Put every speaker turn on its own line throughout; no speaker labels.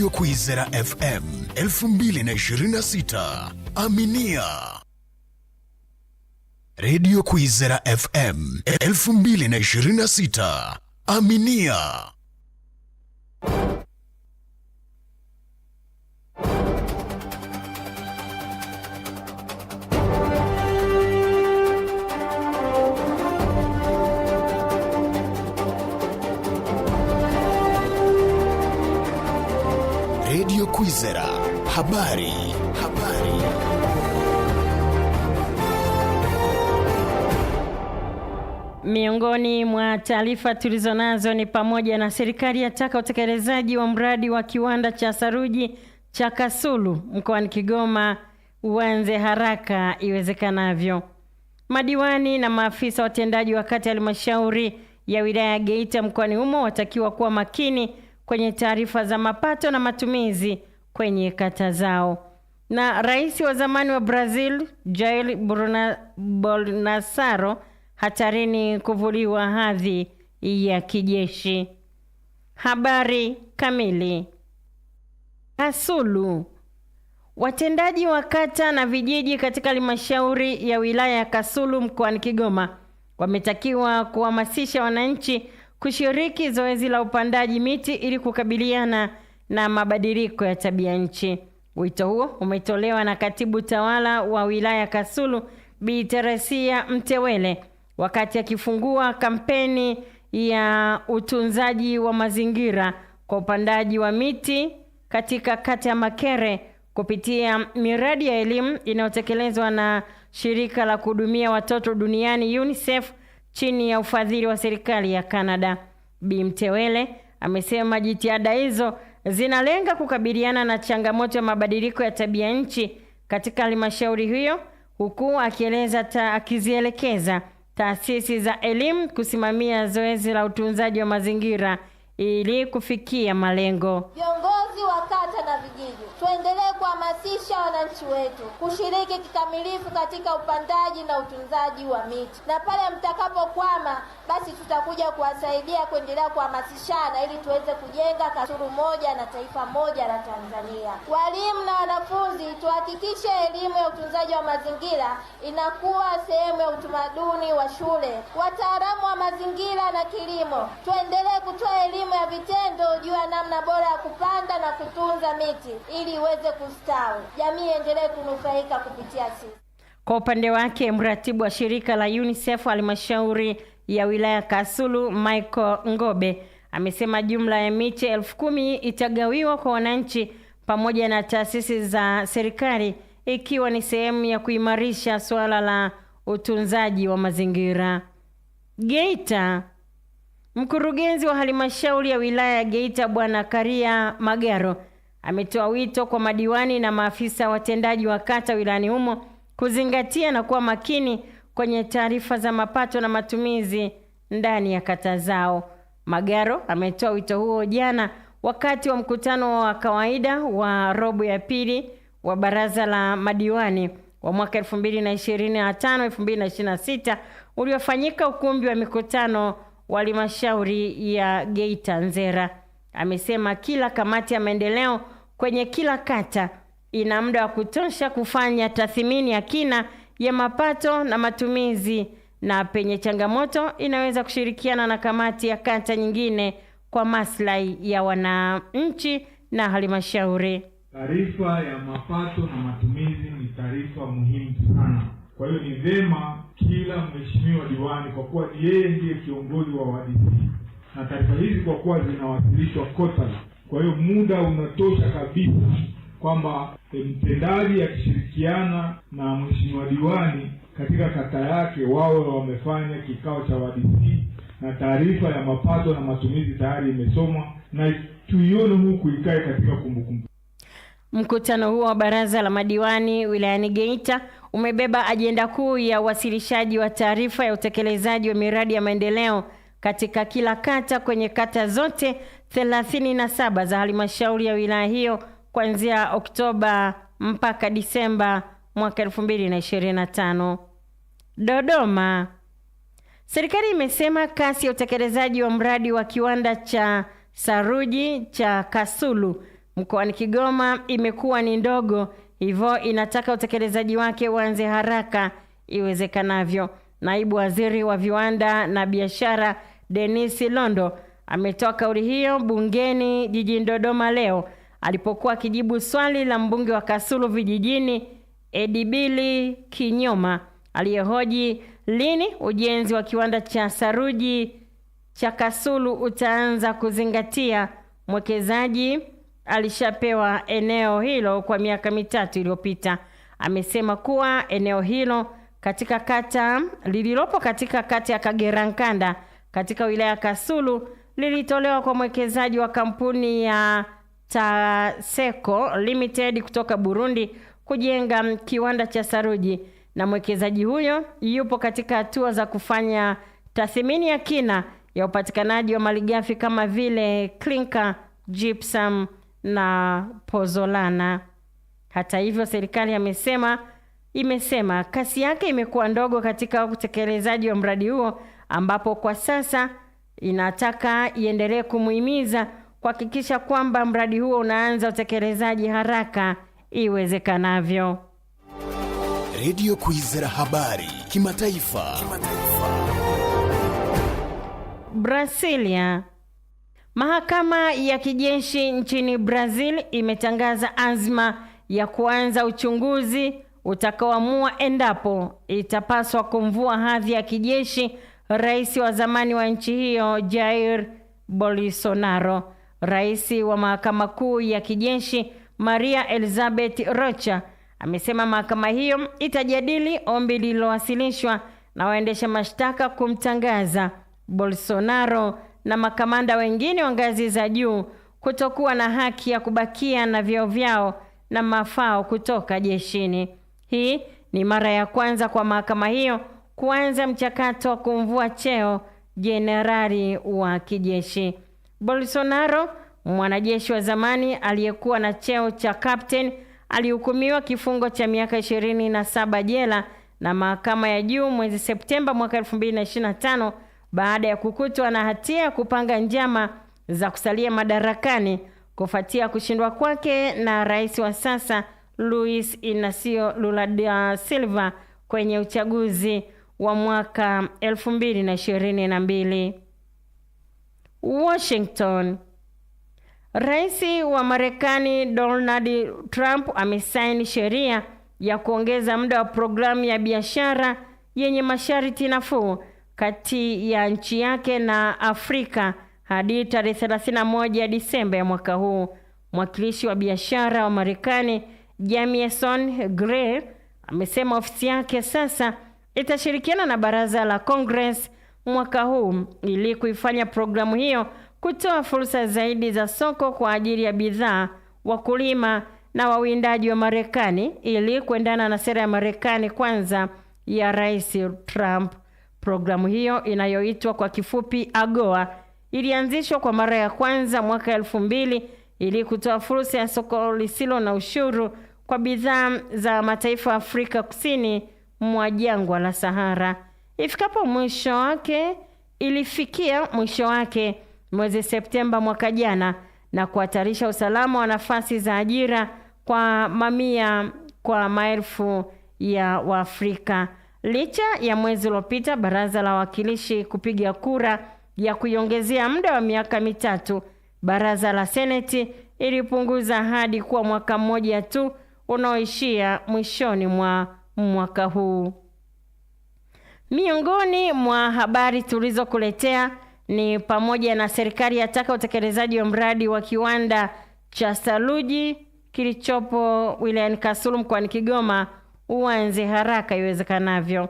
redio Kwizera FM 2026. Aminia redio Kwizera FM 2026. Aminia. Gezera. Habari. Habari. Miongoni mwa taarifa tulizonazo ni pamoja na serikali yataka utekelezaji wa mradi wa kiwanda cha saruji cha Kasulu mkoani Kigoma uanze haraka iwezekanavyo. Madiwani na maafisa watendaji wa kata ya halmashauri ya wilaya ya Geita mkoani humo watakiwa kuwa makini kwenye taarifa za mapato na matumizi kwenye kata zao. Na rais wa zamani wa Brazil Jair Bolsonaro hatarini kuvuliwa hadhi ya kijeshi. Habari kamili. Kasulu. Watendaji wa kata na vijiji katika halmashauri ya wilaya ya Kasulu mkoani Kigoma wametakiwa kuhamasisha wananchi kushiriki zoezi la upandaji miti ili kukabiliana na mabadiliko ya tabia nchi. Wito huo umetolewa na katibu tawala wa wilaya Kasulu Bi Teresia Mtewele wakati akifungua kampeni ya utunzaji wa mazingira kwa upandaji wa miti katika kata ya Makere kupitia miradi ya elimu inayotekelezwa na shirika la kuhudumia watoto duniani UNICEF chini ya ufadhili wa serikali ya Canada. Bi Mtewele amesema jitihada hizo zinalenga kukabiliana na changamoto ya mabadiliko ya tabia nchi katika halmashauri hiyo, huku akieleza ta, akizielekeza taasisi za elimu kusimamia zoezi la utunzaji wa mazingira ili kufikia malengo.
Viongozi wa kata na vijiji tuendelee kuhamasisha wananchi wetu kushiriki kikamilifu katika upandaji na utunzaji wa miti, na pale mtakapokwama, basi tutakuja kuwasaidia kuendelea kuhamasishana ili tuweze kujenga kasuru moja na taifa moja la Tanzania. Walimu na wanafunzi, tuhakikishe elimu ya utunzaji wa mazingira inakuwa sehemu ya utamaduni wa shule. Wataalamu wa mazingira na kilimo, tuendelee kutoa elimu ya vitendo juu ya namna bora ya kupanda na kutunza miti ili ili iweze kustawi, jamii iendelee kunufaika kupitia sisi.
Kwa upande wake mratibu wa shirika la UNICEF halmashauri ya wilaya Kasulu, Michael Ngobe, amesema jumla ya miche elfu kumi itagawiwa kwa wananchi pamoja na taasisi za serikali ikiwa ni sehemu ya kuimarisha suala la utunzaji wa mazingira. Geita, mkurugenzi wa halmashauri ya wilaya ya Geita Bwana Karia Magaro ametoa wito kwa madiwani na maafisa watendaji wa kata wilayani humo kuzingatia na kuwa makini kwenye taarifa za mapato na matumizi ndani ya kata zao. Magaro ametoa wito huo jana wakati wa mkutano wa kawaida wa robo ya pili wa baraza la madiwani wa mwaka 2025 2026 uliofanyika ukumbi wa mikutano wa halmashauri ya Geita Nzera. Amesema kila kamati ya maendeleo kwenye kila kata ina muda wa kutosha kufanya tathmini ya kina ya mapato na matumizi, na penye changamoto inaweza kushirikiana na kamati ya kata nyingine kwa maslahi ya wananchi na halmashauri.
Taarifa ya mapato na matumizi ni taarifa muhimu sana, kwa hiyo ni vema kila mheshimiwa diwani, kwa kuwa ni yeye ndiye kiongozi wa wadisi na taarifa hizi kwa kuwa zinawasilishwa kotali, kwa hiyo muda unatosha kabisa kwamba mtendaji akishirikiana na mheshimiwa diwani katika kata yake wawe wamefanya kikao cha wadisi na taarifa ya mapato na matumizi tayari imesomwa na tuione huku ikae katika kumbukumbu.
Mkutano huo wa baraza la madiwani wilayani Geita umebeba ajenda kuu ya uwasilishaji wa taarifa ya utekelezaji wa miradi ya maendeleo katika kila kata kwenye kata zote 37 za halmashauri ya wilaya hiyo kuanzia Oktoba mpaka Disemba mwaka 2025. Dodoma. Serikali imesema kasi ya utekelezaji wa mradi wa kiwanda cha saruji cha Kasulu mkoani Kigoma imekuwa ni ndogo, hivyo inataka utekelezaji wake uanze haraka iwezekanavyo. Naibu Waziri wa Viwanda na Biashara Dennis Londo ametoa kauli hiyo bungeni jijini Dodoma leo alipokuwa akijibu swali la mbunge wa Kasulu vijijini Edibili Kinyoma aliyehoji lini ujenzi wa kiwanda cha saruji cha Kasulu utaanza kuzingatia mwekezaji alishapewa eneo hilo kwa miaka mitatu iliyopita. Amesema kuwa eneo hilo katika kata lililopo katika kata ya Kagerankanda katika wilaya ya Kasulu lilitolewa kwa mwekezaji wa kampuni ya Taseko Limited kutoka Burundi kujenga kiwanda cha saruji na mwekezaji huyo yupo katika hatua za kufanya tathmini ya kina ya upatikanaji wa malighafi kama vile klinka, gypsum na pozolana. Hata hivyo, serikali amesema imesema kasi yake imekuwa ndogo katika utekelezaji wa mradi huo ambapo kwa sasa inataka iendelee kumuhimiza kuhakikisha kwamba mradi huo unaanza utekelezaji haraka iwezekanavyo. Radio Kwizera habari kimataifa. Kimataifa. Brasilia. Mahakama ya kijeshi nchini Brazil imetangaza azma ya kuanza uchunguzi utakaoamua endapo itapaswa kumvua hadhi ya kijeshi rais wa zamani wa nchi hiyo Jair Bolsonaro, rais wa mahakama kuu ya kijeshi Maria Elizabeth Rocha amesema mahakama hiyo itajadili ombi lililowasilishwa na waendesha mashtaka kumtangaza Bolsonaro na makamanda wengine wa ngazi za juu kutokuwa na haki ya kubakia na vyeo vyao na mafao kutoka jeshini. Hii ni mara ya kwanza kwa mahakama hiyo kuanza mchakato wa kumvua cheo jenerali wa kijeshi. Bolsonaro, mwanajeshi wa zamani aliyekuwa na cheo cha captain, alihukumiwa kifungo cha miaka 27 jela na mahakama ya juu mwezi Septemba mwaka 2025 baada ya kukutwa na hatia ya kupanga njama za kusalia madarakani kufuatia kushindwa kwake na rais wa sasa Luis Inacio Lula da Silva kwenye uchaguzi wa mwaka 2022. Washington. Rais wa Marekani Donald Trump amesaini sheria ya kuongeza muda wa programu ya biashara yenye masharti nafuu kati ya nchi yake na Afrika hadi tarehe 31 Disemba ya mwaka huu. Mwakilishi wa biashara wa Marekani Jamieson Gray amesema ofisi yake sasa itashirikiana na baraza la Congress mwaka huu ili kuifanya programu hiyo kutoa fursa zaidi za soko kwa ajili ya bidhaa, wakulima na wawindaji wa Marekani ili kuendana na sera ya Marekani kwanza ya Rais Trump. Programu hiyo inayoitwa kwa kifupi AGOA ilianzishwa kwa mara ya kwanza mwaka elfu mbili ili kutoa fursa ya soko lisilo na ushuru kwa bidhaa za mataifa Afrika Kusini mwa jangwa la Sahara. Ifikapo mwisho wake, ilifikia mwisho wake mwezi Septemba mwaka jana na kuhatarisha usalama wa nafasi za ajira kwa mamia kwa maelfu ya Waafrika. Licha ya mwezi uliopita baraza la wawakilishi kupiga kura ya kuiongezea muda wa miaka mitatu, baraza la seneti ilipunguza hadi kuwa mwaka mmoja tu unaoishia mwishoni mwa mwaka huu. Miongoni mwa habari tulizokuletea ni pamoja na serikali yataka utekelezaji wa mradi wa kiwanda cha saluji kilichopo wilayani Kasulu mkoani Kigoma uanze haraka iwezekanavyo.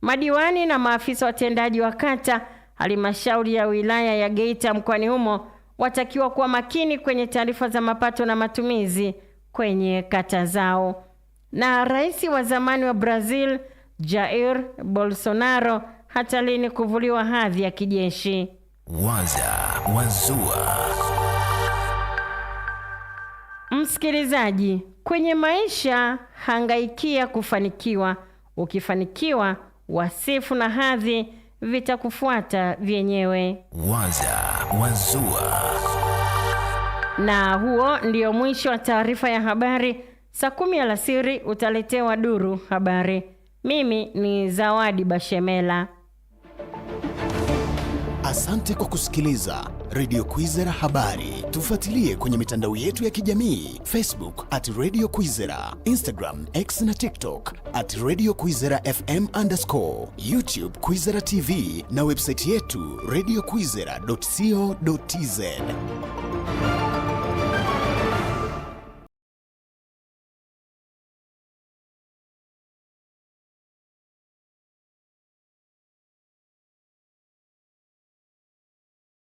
Madiwani na maafisa watendaji wa kata halmashauri ya wilaya ya Geita mkoani humo watakiwa kuwa makini kwenye taarifa za mapato na matumizi kwenye kata zao. Na rais wa zamani wa Brazil Jair Bolsonaro hata lini kuvuliwa hadhi ya kijeshi? Waza Wazua. Msikilizaji, kwenye maisha hangaikia kufanikiwa. Ukifanikiwa, wasifu na hadhi vitakufuata vyenyewe. Waza Wazua. Na huo ndio mwisho wa taarifa ya habari Saa kumi alasiri utaletewa duru habari. Mimi ni Zawadi Bashemela. Asante kwa kusikiliza Radio Kwizera Habari. Tufuatilie kwenye mitandao yetu ya kijamii Facebook at Radio Kwizera, Instagram, X na TikTok at Radio Kwizera FM underscore, YouTube Kwizera TV na website yetu radiokwizera.co.tz.